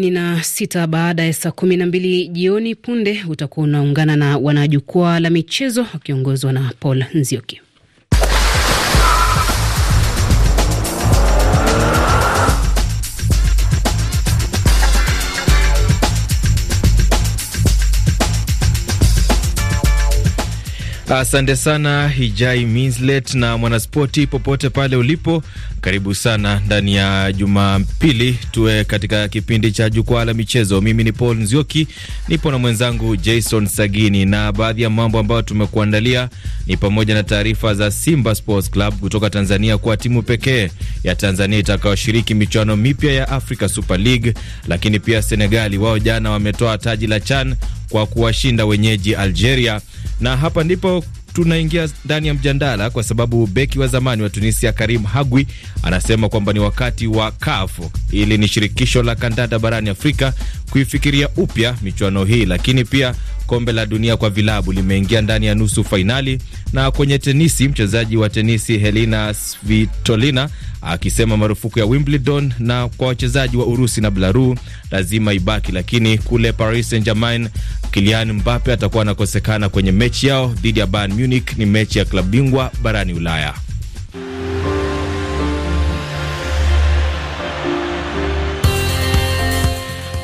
Ni na sita baada ya saa kumi na mbili jioni. Punde utakuwa unaungana na wanajukwaa la michezo wakiongozwa na Paul Nzioki. Asante sana Hijai Minslet na mwanaspoti popote pale ulipo, karibu sana ndani ya Jumapili, tuwe katika kipindi cha jukwaa la michezo. Mimi ni Paul Nzioki, nipo na mwenzangu Jason Sagini, na baadhi ya mambo ambayo tumekuandalia ni pamoja na taarifa za Simba Sports Club kutoka Tanzania kuwa timu pekee ya Tanzania itakayoshiriki michuano mipya ya Africa Super League, lakini pia Senegali wao jana wametoa taji la CHAN kwa kuwashinda wenyeji Algeria na hapa ndipo tunaingia ndani ya mjadala kwa sababu beki wa zamani wa Tunisia Karim Hagwi anasema kwamba ni wakati wa CAF, ili ni shirikisho la kandanda barani Afrika, kuifikiria upya michuano hii, lakini pia Kombe la dunia kwa vilabu limeingia ndani ya nusu fainali. Na kwenye tenisi, mchezaji wa tenisi Helena Svitolina akisema marufuku ya Wimbledon na kwa wachezaji wa Urusi na Belarus lazima ibaki, lakini kule Paris Saint-Germain Kylian Mbappe atakuwa anakosekana kwenye mechi yao dhidi ya Bayern Munich. Ni mechi ya klabu bingwa barani Ulaya.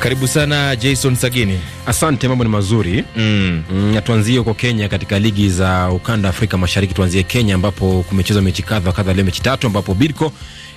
Karibu sana Jason Sagini. Asante, mambo ni mazuri mm. Mm, tuanzie huko Kenya katika ligi za ukanda Afrika Mashariki. Tuanzie Kenya ambapo kumechezwa mechi kadha kadha, leo mechi tatu ambapo Bidco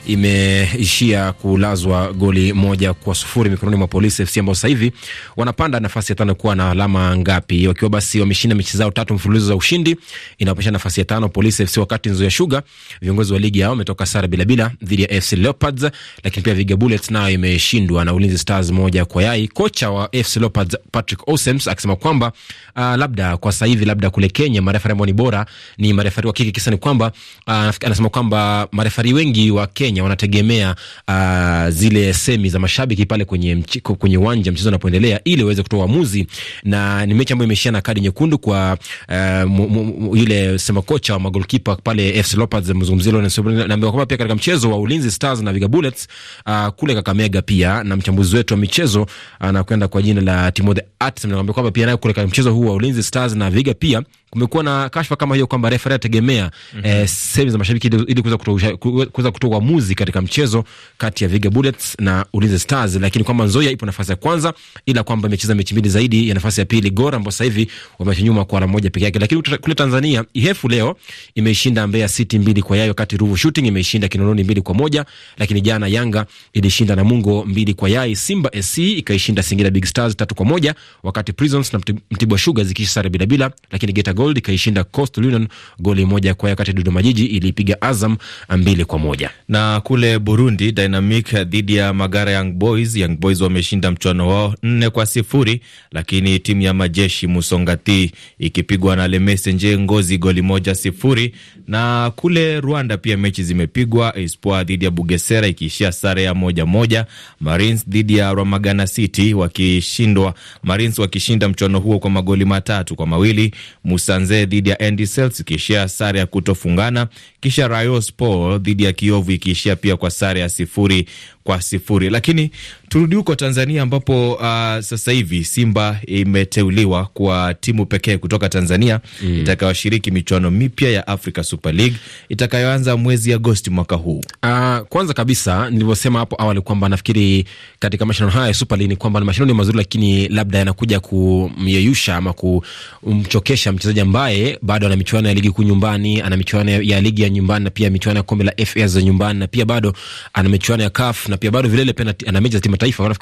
imeishia kulazwa goli moja kwa sufuri mikononi mwa Polisi FC ambao sasa hivi wanapanda nafasi ya tano kuwa na alama ngapi, wakiwa basi wameshinda mechi zao tatu mfululizo za ushindi, inawapandisha nafasi ya tano Polisi FC. Wakati Nzoia Sugar viongozi wa ligi yao, wametoka sare bila bila dhidi ya FC Leopards, lakini pia Viga Bullets nayo imeshindwa na Ulinzi Stars moja kwa yai. Kocha wa FC Leopards Patrick Osems akisema kwamba uh, labda kwa sasa hivi labda kule Kenya marefari ambao ni bora ni marefari wa kike, kisa ni kwamba uh, anasema kwamba marefari wengi wa Kenya Kenya wanategemea uh, zile semi za mashabiki pale kwenye mchiko, kwenye uwanja mchezo unapoendelea ili waweze kutoa uamuzi, na ni mechi ambayo imeishia na kadi nyekundu kwa uh, yule sema kocha wa magolkipa pale FC Leopards mzungumzia Lawrence naambiwa kwamba pia katika mchezo wa Ulinzi Stars na Viga Bullets uh, kule Kakamega pia na mchambuzi wetu wa michezo anakwenda uh, kwa jina la Timothy Atsem naambiwa kwamba pia naye kule katika mchezo huu wa Ulinzi Stars na Viga pia kumekuwa na kashfa kama hiyo kwamba refa ategemea mm -hmm. eh, sehemu za mashabiki ili kuweza kutoa uamuzi katika mchezo kati ya Viga Bullets na Ulinzi Stars, lakini kwamba Nzoia ipo nafasi ya kwanza, ila kwamba imecheza mechi mbili zaidi ya nafasi ya pili Gor, ambao sasa hivi wameacha nyuma kwa alama moja peke yake. Lakini kule Tanzania Ihefu leo imeishinda Mbeya City mbili kwa yayo, wakati Ruvu Shooting imeishinda Kinondoni mbili kwa moja, lakini jana Yanga ilishinda Namungo mbili kwa yai. Simba SC ikaishinda Singida Big Stars tatu kwa moja, wakati Prisons na Mtibwa Sugar zikisare bila bila, lakini Geta Gold ikaishinda Coastal Union goli moja kwa wakati Dodoma Jiji ilipiga Azam mbili kwa moja. Na kule Burundi Dynamic dhidi ya Magara Young Boys, Young Boys wameshinda mchuano wao nne kwa sifuri, lakini timu ya majeshi Musongati ikipigwa na Lemese Nje Ngozi goli moja sifuri. Na kule Rwanda pia mechi zimepigwa, Espoir dhidi ya Bugesera ikiishia sare ya moja moja, Marines dhidi ya Ramagana City wakishindwa, Marines wakishinda mchuano huo kwa magoli matatu kwa mawili Musa Sanzee dhidi ya Andy Celtic, ikiishia sare ya kutofungana kisha Rayo Sport dhidi ya Kiovu ikiishia pia kwa sare ya sifuri kwa sifuri. Lakini turudi huko Tanzania ambapo uh, sasa hivi Simba imeteuliwa kwa timu pekee kutoka Tanzania mm, itakayoshiriki michuano mipya ya Africa Super League itakayoanza mwezi Agosti mwaka huu. Uh, kwanza kabisa nilivyosema hapo awali kwamba nafikiri katika mashindano haya ya Super League ni kwamba ni mashindano mazuri, lakini labda yanakuja kumyeyusha ama kumchokesha mchezaji ambaye bado ana michuano ya ligi kuu nyumbani, ana michuano ya ligi ya ya nyumbani na pia michuano ya kombe la FA za nyumbani na pia bado ana michuano ya CAF na pia bado vilele pia ana mechi za timu taifa. Nafikiri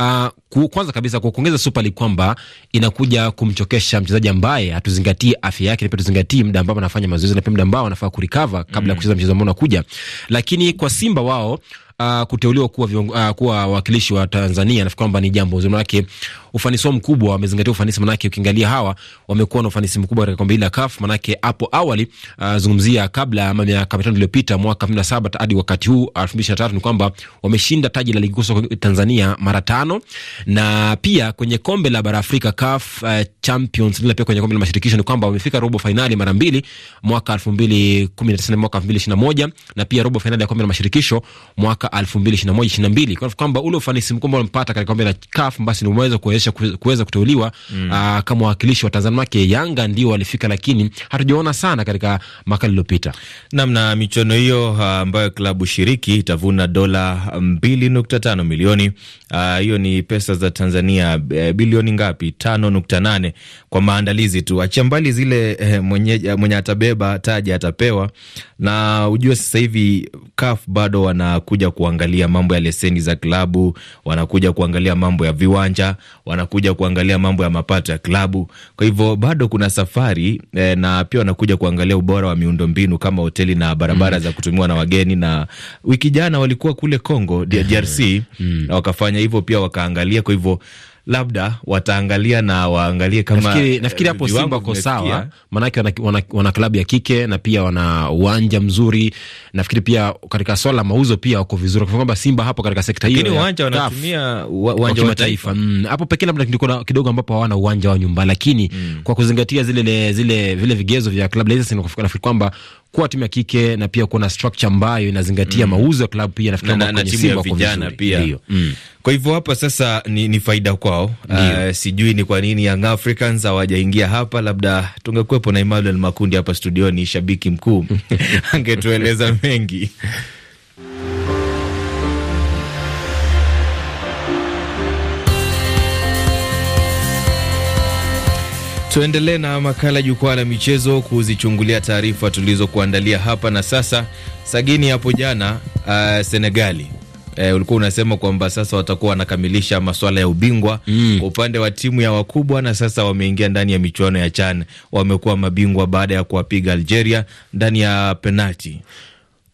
kwamba uh, kwanza kabisa kwa kuongeza Super League kwamba inakuja kumchokesha mchezaji ambaye hatuzingatie afya yake, na pia tuzingatie muda ambao anafanya mazoezi na pia muda ambao anafaa kurecover kabla ya mm. kucheza mchezo ambao unakuja. Lakini kwa Simba wao Uh, kuteuliwa kuwa, uh, kuwa wakilishi wa Tanzania nafikiri kwamba ni jambo zuri, manake ufanisi wao mkubwa, wamezingatia ufanisi, manake ukiangalia hawa wamekuwa na ufanisi mkubwa katika kombe la CAF, manake hapo awali uh, zungumzia kabla ama miaka mitano iliyopita mwaka 2007 hadi wakati huu 2023 ni kwamba wameshinda taji la ligi kuu Tanzania mara tano, na pia kwenye kombe la bara Afrika CAF uh, Champions League, pia kwenye kombe la mashirikisho ni kwamba wamefika robo finali mara mbili mwaka 2019 na mwaka 2021 na pia robo finali ya kombe la mashirikisho mwaka 2021 22 kwa kwamba ule ufanisi mkubwa walimpata katika kombe la CAF basi ni umeweza kuwezesha kuwezesha kuweza kuteuliwa mm. uh, kama wawakilishi wa Tanzania yake Yanga ndio walifika, lakini hatujaona sana katika makala iliyopita. namna na michuano hiyo ah, ambayo uh, klabu shiriki itavuna dola 2.5 milioni ah, hiyo, uh, ni pesa za Tanzania uh, bilioni ngapi? 5.8 kwa maandalizi tu, achia mbali zile uh, mwenye, uh, mwenye atabeba taji atapewa. Na ujue sasa hivi CAF bado wanakuja kuangalia mambo ya leseni za klabu, wanakuja kuangalia mambo ya viwanja, wana wanakuja kuangalia mambo ya mapato ya klabu. Kwa hivyo bado kuna safari eh, na pia wanakuja kuangalia ubora wa miundombinu kama hoteli na barabara mm. za kutumiwa na wageni. Na wiki jana walikuwa kule Congo DRC mm. na wakafanya hivyo pia, wakaangalia kwa hivyo labda wataangalia na waangalie kama nafikiri, eh, nafikiri hapo Simba wako sawa, maanake wana, wana, wana klabu ya kike na pia wana uwanja mzuri. Nafikiri pia katika swala la mauzo pia wako vizuri, kwa kwamba Simba hapo katika sekta hiyo uwanja wanatumia uwanja wa taifa mm, hapo pekee, labda kidogo ambapo hawana uwanja wa nyumbani, lakini mm, kwa kuzingatia zile, zile vile vigezo vya klabu nafikiri kwamba kuwa timu ya kike na pia kuwa na structure ambayo inazingatia mm. mauzo ya klabu pia nafikiri na, na, na timu ya vijana pia mm. Kwa hivyo hapa sasa ni, ni faida kwao. Uh, sijui ni kwa nini Young Africans hawajaingia hapa, labda tungekuwepo na Emmanuel Makundi hapa studioni, shabiki mkuu angetueleza mengi Tuendelee na makala jukwaa la michezo kuzichungulia taarifa tulizokuandalia hapa na sasa. Sagini, hapo jana uh, Senegali E, ulikuwa unasema kwamba sasa watakuwa wanakamilisha masuala ya ubingwa mm, kwa upande wa timu ya wakubwa, na sasa wameingia ndani ya michuano ya CHAN. Wamekuwa mabingwa baada ya kuwapiga Algeria ndani ya penalti.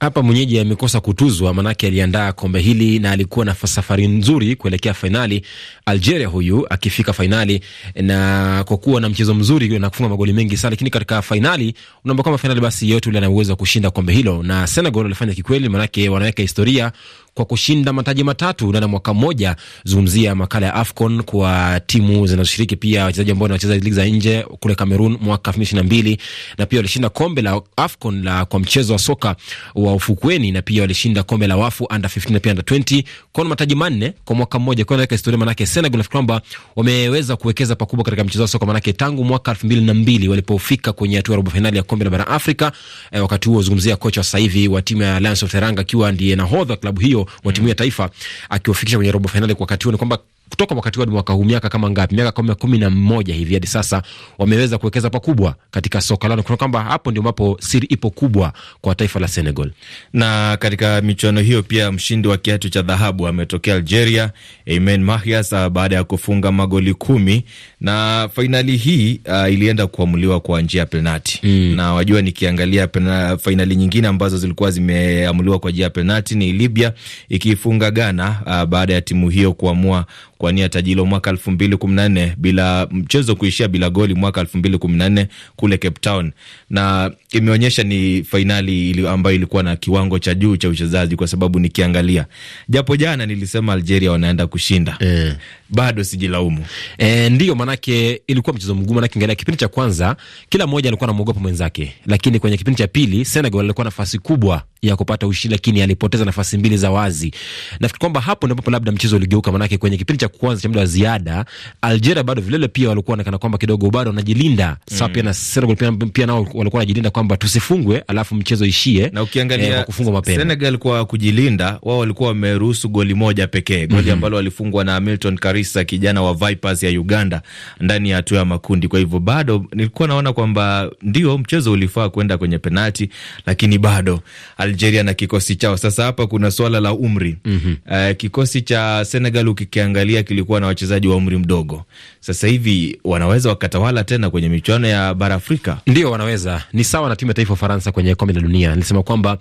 Hapa mwenyeji amekosa kutuzwa, manake aliandaa kombe hili na alikuwa na safari nzuri kuelekea fainali. Algeria huyu akifika fainali na kwa kuwa na mchezo mzuri na kufunga magoli mengi sana, lakini katika fainali unaomba kama fainali, basi yeyote ule ana uwezo wa kushinda kombe hilo, na Senegal walifanya kikweli, manake wanaweka historia kwa kushinda mataji matatu ndani ya mwaka mmoja. Zungumzia makala ya AFCON kwa timu zinazoshiriki, pia wachezaji ambao wanacheza ligi za nje kule Cameroon mwaka elfu mbili ishirini na mbili na pia walishinda kombe la AFCON la kwa mchezo wa soka wa ufukweni, na pia walishinda kombe la wafu under 15 na pia under 20 kwa mataji manne kwa mwaka mmoja, kwa naweka historia. Manake Senegal nafikiri kwamba wameweza kuwekeza pakubwa katika mchezo wa soka, manake tangu mwaka elfu mbili na mbili walipofika kwenye hatua ya robo fainali ya kombe la bara Afrika. Eh, wakati huo zungumzia kocha sasa hivi wa timu ya Lions of Teranga akiwa ndiye nahodha klabu hiyo hiyo wa timu ya mm. taifa akiwafikisha kwenye robo fainali kwa wakati huo ni kwamba kutoka wakati huo hadi mwaka huu, miaka kama ngapi? Miaka kama kumi na mmoja hivi hadi sasa, wameweza kuwekeza pakubwa katika soka lao, kuna kwamba hapo ndio ambapo siri ipo kubwa kwa taifa la Senegal. Na katika michuano hiyo pia mshindi wa kiatu cha dhahabu ametokea Algeria, Aimen Mahias, baada ya kufunga magoli kumi na fainali hii uh, ilienda kuamuliwa kwa njia ya penati mm. na wajua, nikiangalia pena, fainali nyingine ambazo zilikuwa zimeamuliwa kwa njia ya penati ni Libya ikifunga Ghana uh, baada ya timu hiyo kuamua kuania taji hilo mwaka elfu mbili kumi na nne bila mchezo kuishia bila goli mwaka elfu mbili kumi na nne kule Cape Town, na imeonyesha ni fainali ili ambayo ilikuwa na kiwango cha juu cha uchezaji, kwa sababu nikiangalia, japo jana nilisema Algeria wanaenda kushinda e, bado sijilaumu e, ndio maana manake ilikuwa mchezo mgumu, manake ngalia kipindi cha kwanza kila mmoja alikuwa anamuogopa mwenzake, lakini kwenye kipindi cha pili Senegal alikuwa nafasi kubwa ya kupata ushindi, lakini alipoteza nafasi mbili za wazi. Nafikiri kwamba hapo ndipo labda mchezo uligeuka, manake kwenye kipindi cha kwanza cha muda wa ziada Algeria bado vilele pia walikuwa wanakana kwamba kidogo bado wanajilinda mm. Sasa pia na Senegal pia, pia nao walikuwa wanajilinda kwamba tusifungwe, alafu mchezo ishie na ukiangalia eh, kufungwa mapema. Senegal kwa kujilinda wao walikuwa wameruhusu goli moja pekee, goli mm -hmm. ambalo walifungwa na Milton Karisa kijana wa Vipers ya Uganda ndani ya hatua ya makundi. Kwa hivyo bado nilikuwa naona kwamba ndio mchezo ulifaa kwenda kwenye penati, lakini bado Algeria na kikosi chao. Sasa hapa kuna swala la umri mm -hmm. Uh, kikosi cha Senegal ukikiangalia kilikuwa na wachezaji wa umri mdogo. Sasa hivi wanaweza wakatawala tena kwenye michuano ya bara Afrika, ndio wanaweza. Ni sawa na timu ya taifa Ufaransa kwenye kombe la dunia, nilisema kwamba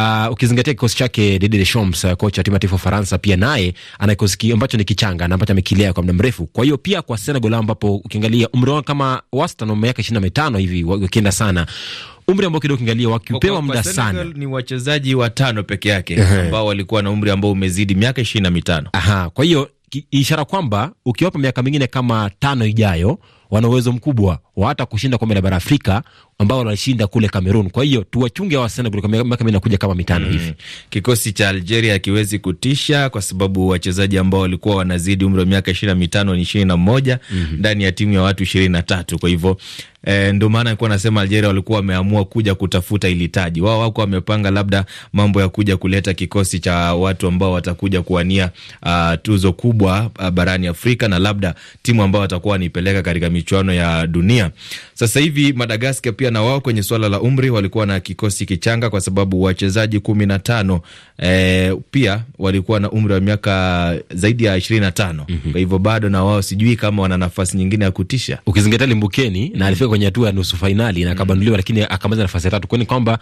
uh, ukizingatia kikosi chake Didier Deschamps, ah, kocha wa timu ya taifa Faransa, pia naye ana kikosi ambacho ni kichanga na ambacho amekilea kwa muda mrefu. Kwa hiyo pia kwa Senegal ambapo ukiangalia umri wao kama wastani wa miaka ishirini na mitano hivi wakienda sana umri ambao kidogo kingalia wakipewa muda sana, ni wachezaji watano peke yake ambao walikuwa na umri ambao umezidi miaka ishirini na mitano. Aha, kwa hiyo ishara kwamba ukiwapa miaka mingine kama tano ijayo wana uwezo mkubwa wa hata kushinda kombe la bara Afrika ambao wanashinda kule Kamerun. Kwa hiyo tuwachunge hawa Senegal kwa miaka inakuja kama mitano mm, hivi. Kikosi cha Algeria hakiwezi kutisha kwa sababu wachezaji ambao walikuwa wanazidi umri wa miaka ishirini na mitano ni ishirini na moja mhm. ndani ya timu ya watu ishirini na tatu kwa hivyo E, eh, ndo maana nilikuwa nasema Algeria walikuwa wameamua kuja kutafuta ili taji. Wao wako wamepanga labda mambo ya kuja kuleta kikosi cha watu ambao watakuja kuwania uh, tuzo kubwa uh, barani Afrika na labda timu ambao watakuwa wanaipeleka katika michuano ya dunia. Sasa hivi Madagaskar pia na wao kwenye suala la umri walikuwa na kikosi kichanga, kwa sababu wachezaji kumi na tano e, pia walikuwa na umri wa miaka zaidi ya ishirini na tano mm -hmm. Kwa hivyo bado na wao sijui kama wana nafasi nyingine ya kutisha, ukizingatia Limbukeni na alifika kwenye hatua ya nusu fainali na akabanduliwa, mhm. lakini akamaliza nafasi ya tatu, kwani kwamba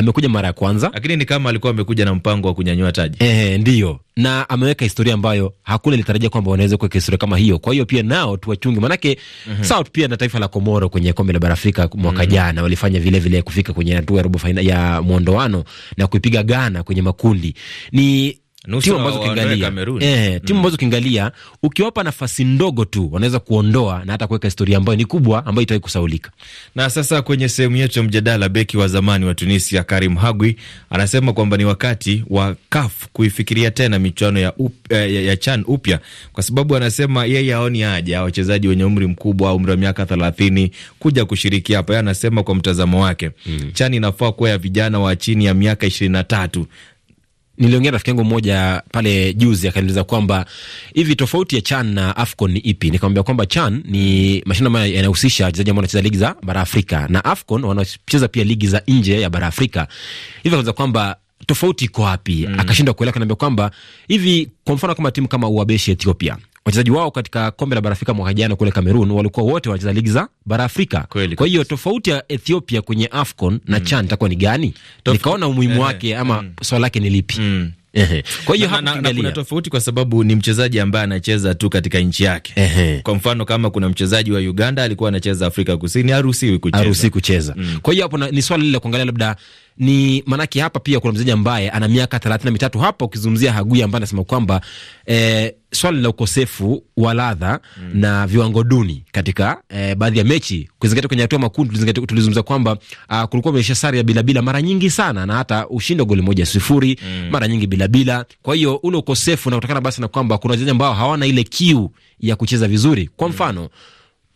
amekuja mara ya kwanza, lakini ni kama alikuwa amekuja na mpango wa kunyanyua taji. Ehe, ndiyo, na ameweka historia ambayo hakuna ilitarajia kwamba wanaweza kuweka historia kama hiyo. Kwa hiyo pia nao tuwachungi, manake mm -hmm. South pia na taifa la Komoro kwenye kombe la bara Afrika mwaka mm -hmm. jana walifanya vile vile kufika kwenye hatua ya robo fainali ya mwondoano na kuipiga Ghana kwenye makundi. Ni timu ambazo ukiangalia eh, mm. timu ambazo ukiangalia ukiwapa nafasi ndogo tu wanaweza kuondoa na hata kuweka historia ambayo ni kubwa ambayo itawahi kusaulika. Na sasa kwenye sehemu yetu ya mjadala, beki wa zamani wa Tunisia Karim Hagwi anasema kwamba ni wakati wa CAF kuifikiria tena michuano ya, up, ya, eh, ya, ya CHAN upya kwa sababu anasema yeye haoni haja wachezaji wenye umri mkubwa, umri wa miaka thelathini kuja kushiriki hapa. Yeye anasema kwa mtazamo wake, mm, CHAN inafaa kuwa ya vijana wa chini ya miaka ishirini na tatu niliongea rafiki yangu mmoja pale juzi, akaniuliza kwamba hivi tofauti ya CHAN na AFCON ni ipi? Nikamwambia kwamba CHAN ni mashindano ambayo yanahusisha wachezaji ambao wanacheza ligi za bara Afrika, na AFCON wanacheza pia ligi za nje ya bara Afrika. Hivi akauliza kwamba tofauti iko wapi? mm. Akashindwa kuelewa, kanaambia kwamba hivi, kwa mfano kama timu kama Uabeshi Ethiopia wachezaji wao katika kombe la bara Afrika mwaka jana kule Cameroon walikuwa wote wanacheza ligi za bara Afrika. Kwa hiyo tofauti ya Ethiopia kwenye AFCON na mm. CHAN itakuwa ni gani? Nikaona umuhimu wake ama mm. swala lake ni lipi? mm. Kwa hiyo hapa kuna tofauti kwa sababu ni mchezaji ambaye anacheza tu katika nchi yake. Ehe. Kwa mfano kama kuna mchezaji wa Uganda alikuwa anacheza Afrika Kusini, haruhusiwi kucheza, haruhusiwi kucheza. Mm. Kwa hiyo hapo ni swali lile kuangalia labda ni maanake hapa pia kuna mchezaji ambaye ana miaka thelathini na mitatu hapa, ukizungumzia Hagui ambaye anasema kwamba eh, swali la ukosefu wa ladha mm. na viwango duni katika eh, baadhi ya mechi kuzingatia kwenye hatua makundi, tulizungumza kwamba uh, kulikuwa umeisha sare ya bilabila mara nyingi sana na hata ushindo goli moja sifuri mm. mara nyingi bilabila. Kwa hiyo ule ukosefu unatokana basi na kwamba kuna wachezaji ambao hawana ile kiu ya kucheza vizuri, kwa mm. mfano mm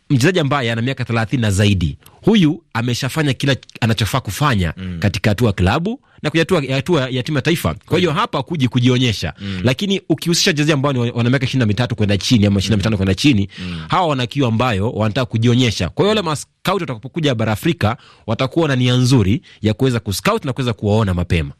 mchezaji ambaye ana miaka thelathini na zaidi, huyu ameshafanya kila anachofaa kufanya mm. katika hatua klabu na kujatua hatua ya timu ya taifa. Kwa hiyo hapa kuji kujionyesha mm. Lakini ukihusisha jezi ambao ni wana miaka ishirini na mitatu kwenda chini ama ishirini na mitano kwenda chini mm. hawa wana kiu ambayo wanataka kujionyesha. Kwa hiyo wale maskauti watakapokuja bara Afrika watakuwa na nia nzuri ya kuweza kuskaut na kuweza kuwaona mapema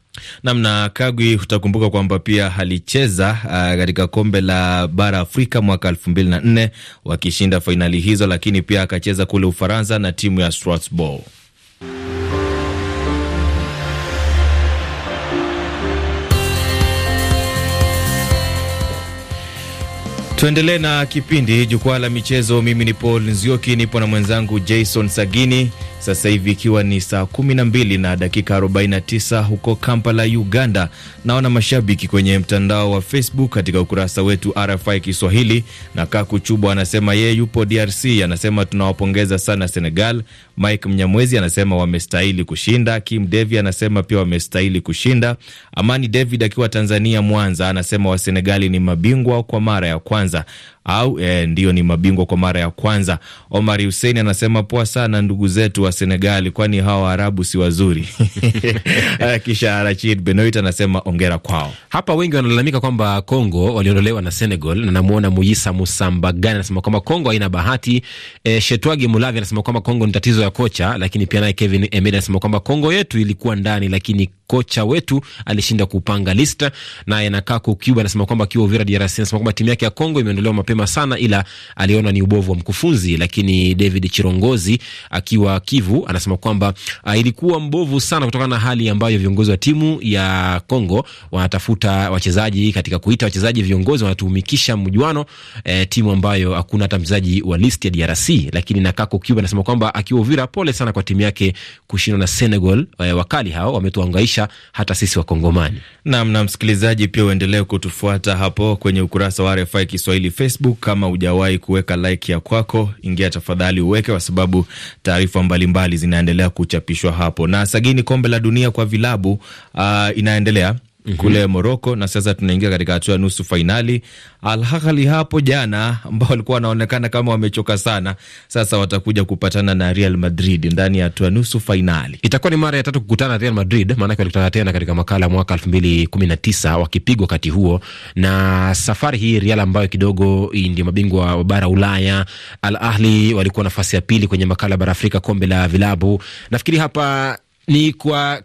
namna Kagwi, utakumbuka kwamba pia alicheza ah, katika kombe la bara Afrika mwaka elfu mbili na nne wakishinda fainali hizo, lakini pia akacheza kule Ufaransa na timu ya Strasbourg. Tuendelee na kipindi jukwaa la michezo. Mimi ni Paul Nzioki, nipo na mwenzangu Jason Sagini sasa hivi ikiwa ni saa 12 na dakika 49 huko Kampala, Uganda. Naona mashabiki kwenye mtandao wa Facebook katika ukurasa wetu RFI Kiswahili, na Kaku Chubwa anasema yeye yupo DRC, anasema tunawapongeza sana Senegal. Mike Mnyamwezi anasema wamestahili kushinda. Kim Devi anasema pia wamestahili kushinda. Amani David akiwa Tanzania, Mwanza, anasema Wasenegali ni mabingwa kwa mara ya kwanza au e, eh, ndiyo ni mabingwa kwa mara ya kwanza. Omar Hussein anasema poa sana ndugu zetu wa Senegali, kwani hawa Waarabu si wazuri. Eh, kisha Rachid Benoit anasema ongera kwao. Hapa wengi wanalalamika kwamba Kongo waliondolewa na Senegal, na namwona Muisa Musambagani anasema kwamba Kongo haina bahati. E, Shetwagi Mulavi anasema kwamba Kongo ni tatizo ya kocha, lakini pia naye Kevin Emed anasema kwamba Kongo yetu ilikuwa ndani, lakini kocha wetu alishinda kupanga lista, naye Nakako Cuba anasema kwamba kiwa Uvira DRC, anasema kwamba timu yake ya Kongo imeondolewa mapema sana, ila aliona ni ubovu wa mkufunzi. Lakini David Chirongozi akiwa Kivu anasema kwamba uh, ilikuwa mbovu sana kutokana na hali ambayo viongozi wa timu ya Kongo wanatafuta wachezaji katika kuita wachezaji viongozi wanatumikisha mjuano eh, timu ambayo hakuna hata mchezaji wa list ya DRC. Lakini Nakako Cuba anasema kwamba akiwa Uvira, pole sana kwa timu yake kushindwa na Senegal. Eh, wakali hao wametuangaisha kutunufaisha hata sisi Wakongomani. Nam na msikilizaji, pia uendelee kutufuata hapo kwenye ukurasa wa RFI Kiswahili Facebook. Kama hujawahi kuweka like ya kwako, ingia tafadhali uweke, kwa sababu taarifa mbalimbali zinaendelea kuchapishwa hapo. Na sagini kombe la dunia kwa vilabu uh, inaendelea mm -hmm. kule Moroko, na sasa tunaingia katika hatua ya nusu fainali. Al Ahly hapo jana ambao walikuwa wanaonekana kama wamechoka sana, sasa watakuja kupatana na Real Madrid ndani ya hatua nusu fainali. Itakuwa ni mara ya tatu kukutana na Real Madrid, maanake walikutana tena katika makala mwaka elfu mbili kumi na tisa wakipigwa wakati huo, na safari hii Real ambayo kidogo ndio mabingwa wa bara Ulaya. Al Ahli walikuwa nafasi ya pili kwenye makala bara Afrika kombe la vilabu. Nafikiri hapa ni kwa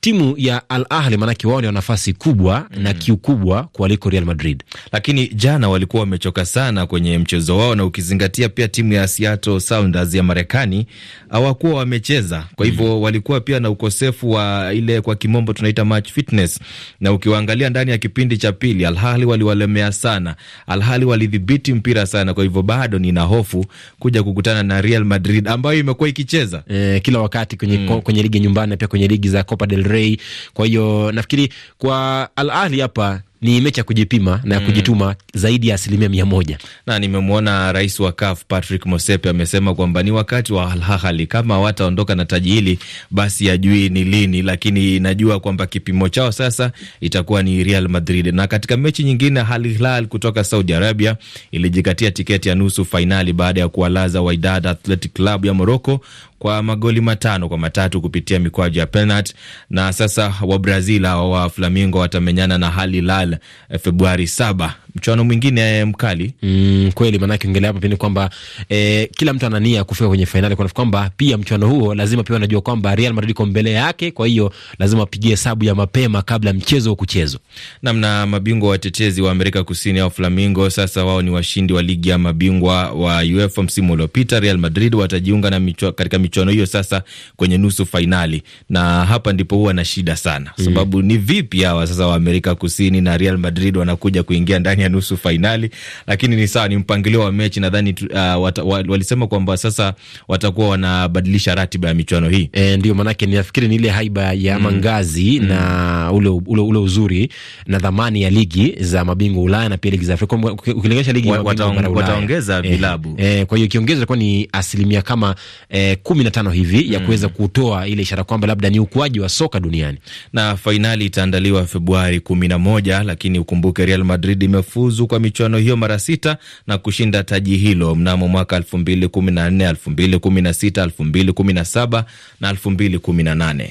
timu ya Al Ahli, maanake wao ni wa nafasi kubwa mm, na kiu kubwa kuliko Real Madrid, lakini jana walikuwa wamechoka sana kwenye mchezo wao, na ukizingatia pia timu ya Seattle Sounders ya Marekani hawakuwa wamecheza, kwa hivyo mm, walikuwa pia na ukosefu wa ile kwa kimombo tunaita match fitness, na ukiwaangalia ndani ya kipindi cha pili Al Ahli waliwalemea sana, Al Ahli walidhibiti mpira sana, kwa hivyo bado nina hofu kuja kukutana na Real Madrid ambayo imekuwa ikicheza eh, kila wakati kwenye, mm, kwenye ligi nyumbani na pia kwenye ligi za Copa del Rey. Kwa hiyo nafikiri kwa Al Ahli hapa ni mechi ya kujipima na ya mm. kujituma mm, zaidi ya asilimia mia moja. Na nimemwona rais wa CAF Patrick Mosepe amesema kwamba ni wakati wa Al Ahly, kama wataondoka na taji hili basi ajui ni lini, lakini najua kwamba kipimo chao sasa itakuwa ni Real Madrid. Na katika mechi nyingine, Al Hilal kutoka Saudi Arabia ilijikatia tiketi ya nusu fainali baada ya kuwalaza Wydad Athletic Club ya Morocco kwa magoli matano kwa matatu kupitia mikwaju ya penalti, na sasa Wabrazil hao wa Flamingo watamenyana na Al Hilal Senegal Februari 7 mchuano mwingine eh, mkali mm, kweli. Maanake ongelea hapa pia ni kwamba e, kila mtu anania kufika kwenye fainali, kwa kwamba pia mchuano huo lazima pia wanajua kwamba Real Madrid iko mbele yake, kwa hiyo lazima apigie hesabu ya mapema kabla mchezo kuchezwa. Namna mabingwa watetezi wa Amerika Kusini au Flamingo, sasa wao ni washindi wa ligi ya mabingwa wa UEFA msimu uliopita. Real Madrid watajiunga na michua, katika michuano hiyo sasa kwenye nusu fainali, na hapa ndipo huwa na shida sana, mm. sababu mm, ni vipi hawa sasa wa Amerika Kusini na Real Madrid wanakuja kuingia ndani ndani ya nusu fainali, lakini ni sawa, ni mpangilio wa mechi. Nadhani uh, walisema kwamba sasa watakuwa wanabadilisha ratiba ya michuano hii e, ndio maanake nafikiri ni ile haiba ya mm. mangazi mm. na ule, ule, ule uzuri na dhamani ya ligi za mabingwa Ulaya na pia ligi za Afrika ukilinganisha ligi wataongeza wata eh, vilabu e, e, kwa hiyo kiongeza itakuwa ni asilimia kama e, kumi na tano hivi ya mm. kuweza kutoa ile ishara kwamba labda ni ukuaji wa soka duniani na fainali itaandaliwa Februari kumi na moja, lakini ukumbuke Real Madrid imef alifuzu kwa michuano hiyo mara sita na kushinda taji hilo mnamo mwaka 2014, 2016, 2017 na 2018.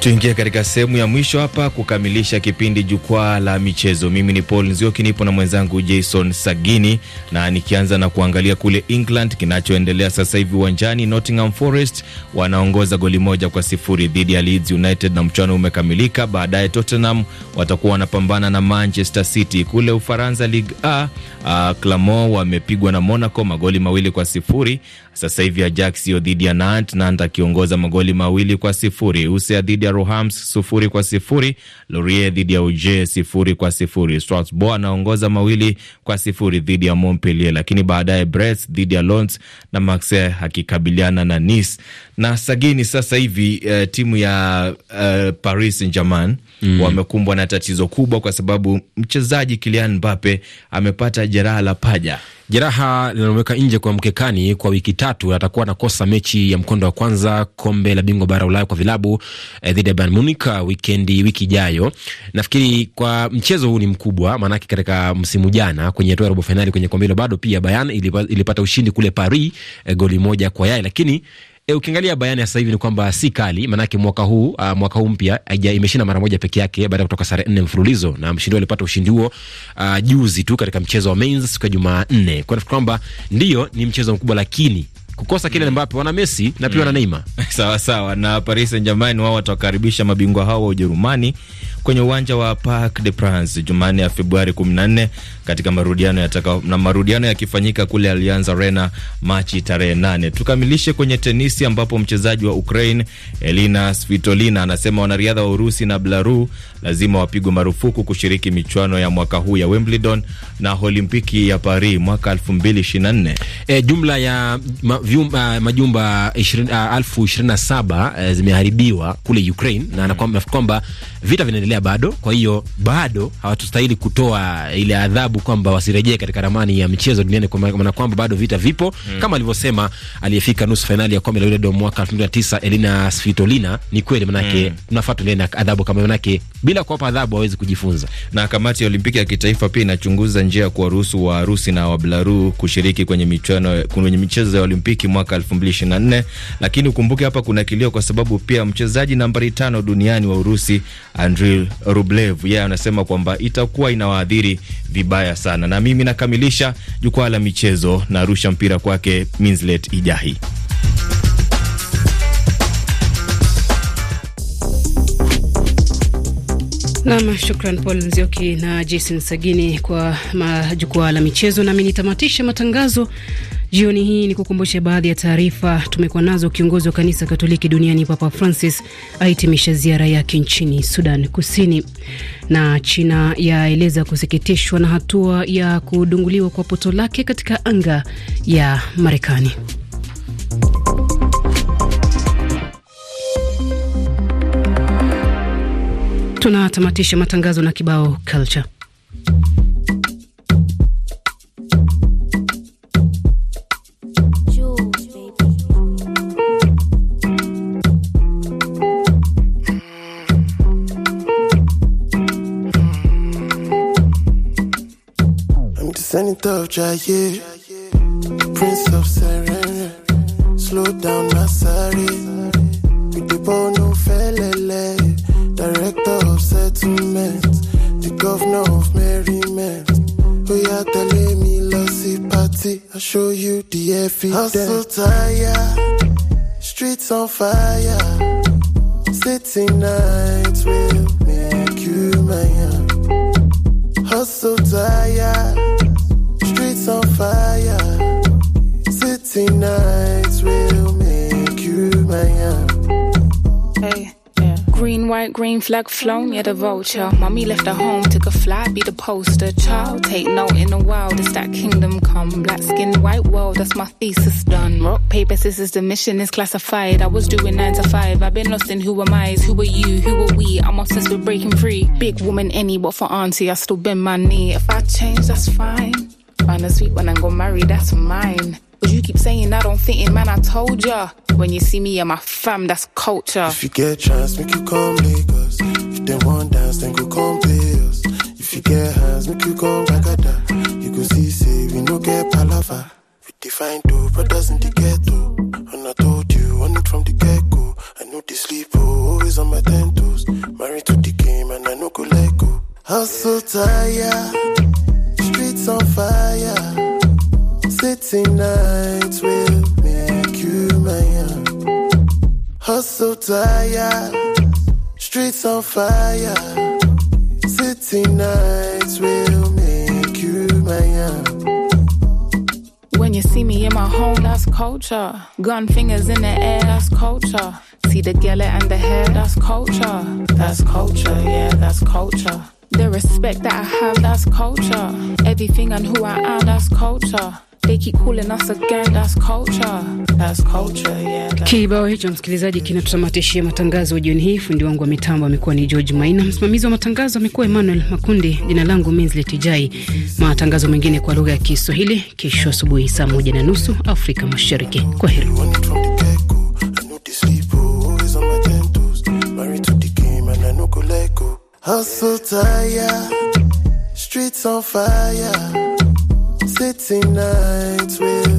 Tuingie katika sehemu ya mwisho hapa kukamilisha kipindi jukwaa la michezo. Mimi ni Paul Nzioki, nipo na mwenzangu Jason Sagini, na nikianza na kuangalia kule England kinachoendelea sasa hivi uwanjani. Nottingham Forest wanaongoza goli moja kwa sifuri dhidi ya Leeds United na mchuano umekamilika. Baadaye Tottenham watakuwa wanapambana na Manchester City. Kule Ufaransa Ligue A, uh, Clermont wamepigwa na Monaco magoli mawili kwa sifuri. Sasa hivi Ajax dhidi ya Nantes, Nantes akiongoza magoli mawili kwa sifuri. Use dhidi ya Rohams sufuri kwa sifuri, Lorie dhidi ya Uje sifuri kwa sifuri. Strasbourg anaongoza mawili kwa sifuri dhidi ya Montpellier, lakini baadaye Brest dhidi ya Lons na Marseille akikabiliana na Nice na sageni sasa hivi uh, timu ya uh, Paris Saint-Germain mm. wamekumbwa na tatizo kubwa, kwa sababu mchezaji Kylian Mbappe amepata jeraha la paja, jeraha linalomweka nje kwa mkekani kwa wiki tatu. Atakuwa anakosa mechi ya mkondo wa kwanza kombe la bingwa bara Ulaya kwa vilabu eh, dhidi ya Bayern Munich wikendi, wiki ijayo. Nafikiri kwa mchezo huu ni mkubwa, maanake katika msimu jana kwenye hatua ya robo fainali kwenye kombe hilo bado pia Bayern ilipata ushindi kule Paris eh, goli moja kwa yai, lakini E, ukiangalia bayana ya sasa hivi ni kwamba si kali, maanake mwaka huu uh, mwaka huu mpya imeshinda mara moja peke yake baada ya kutoka sare nne mfululizo, na mshindi alipata ushindi huo uh, juzi tu katika mchezo wa mains siku ya Jumanne. Kwa hivyo kwamba ndio ni mchezo mkubwa, lakini kukosa kile mm. Mbappe wana Messi na pia wana mm. Neymar sawa sawa. Na Paris Saint-Germain wao watawakaribisha mabingwa hao wa Ujerumani kwenye uwanja wa Parc des Princes Jumanne ya Februari 14 katika marudiano yataka, na marudiano yakifanyika kule Allianz Arena Machi tarehe 8. Tukamilishe kwenye tenisi ambapo mchezaji wa Ukraine Elina Svitolina anasema wanariadha wa Urusi na Belarus lazima wapigwe marufuku kushiriki michuano ya mwaka huu ya Wimbledon na Olimpiki ya Paris mwaka 2024. E, jumla ya ma, vyumba, majumba 20, uh, elfu 27 e, zimeharibiwa kule Ukraine na mm. kwamba vita vinaendelea wanaendelea bado. Kwa hiyo bado hawatustahili kutoa ile adhabu kwamba wasirejee katika ramani ya michezo duniani, kwa maana kwamba bado vita vipo mm. kama alivyosema aliyefika nusu fainali ya kombe la Ulaya mwaka 2009 Elina Svitolina, ni kweli manake mm. tunafuata ile adhabu kama manake, bila kuwapa adhabu hawezi kujifunza. Na kamati ya Olimpiki ya kitaifa pia inachunguza njia ya kuwaruhusu wa Rusi na wa Wabelaru kushiriki kwenye michuano kwenye michezo ya Olimpiki mwaka 2024, lakini ukumbuke hapa kuna kilio kwa sababu pia mchezaji nambari tano duniani wa Urusi Andriy Mikhail Rublev yeye, yeah, anasema kwamba itakuwa inawaadhiri vibaya sana. Na mimi nakamilisha jukwaa la michezo, narusha mpira kwake Minslet Ijahi. Nam, shukran Paul Nzioki na Jason Sagini kwa majukwaa la michezo, nami nitamatisha matangazo Jioni hii ni kukumbusha baadhi ya taarifa tumekuwa nazo. Kiongozi wa kanisa Katoliki duniani Papa Francis ahitimisha ziara yake nchini Sudan Kusini, na China yaeleza kusikitishwa na hatua ya kudunguliwa kwa poto lake katika anga ya Marekani. Tunatamatisha matangazo na kibao culture. of Jaya, Prince of Serena. Slow down, Masari. With the bono felele. Director of settlement. The governor of merriment. We are telling me lossy party. i show you the evidence. I'm so tired. Streets on fire. City night Red, green flag flown, yeah, the vulture. Mommy left her home, took a fly. be the poster child. Take note in the wild, it's that kingdom come. Black skin, white world, that's my thesis done. Rock, paper, scissors, the mission is classified. I was doing nine to five, I've been lost in who am I's, who are you, who are we? I'm obsessed with breaking free. Big woman, any, but for auntie, I still bend my knee. If I change, that's fine. Find a sweet one and go marry, that's mine. 'Cause you keep saying I don't fit in, man. I told ya. When you see me and my fam, that's culture. If you get chance, make you come because If they want dance, then go come play us. If you get hands, make you come. fire. City nights will make you mine. When you see me in my home, that's culture. Gun fingers in the air, that's culture. See the gala and the hair, that's culture. That's culture, yeah, that's culture. The respect that I have, that's culture. Everything and who I am, that's culture. Kibao hicho msikilizaji, kinatutamatishia matangazo jioni hii. Fundi wangu wa mitambo amekuwa ni George Maina, msimamizi wa matangazo amekuwa Emmanuel Makundi, jina langu Minzlet Ijai. Matangazo mengine kwa lugha ya Kiswahili kesho asubuhi saa moja na nusu Afrika Mashariki. Kwa heri. tired, streets on fire. city nights with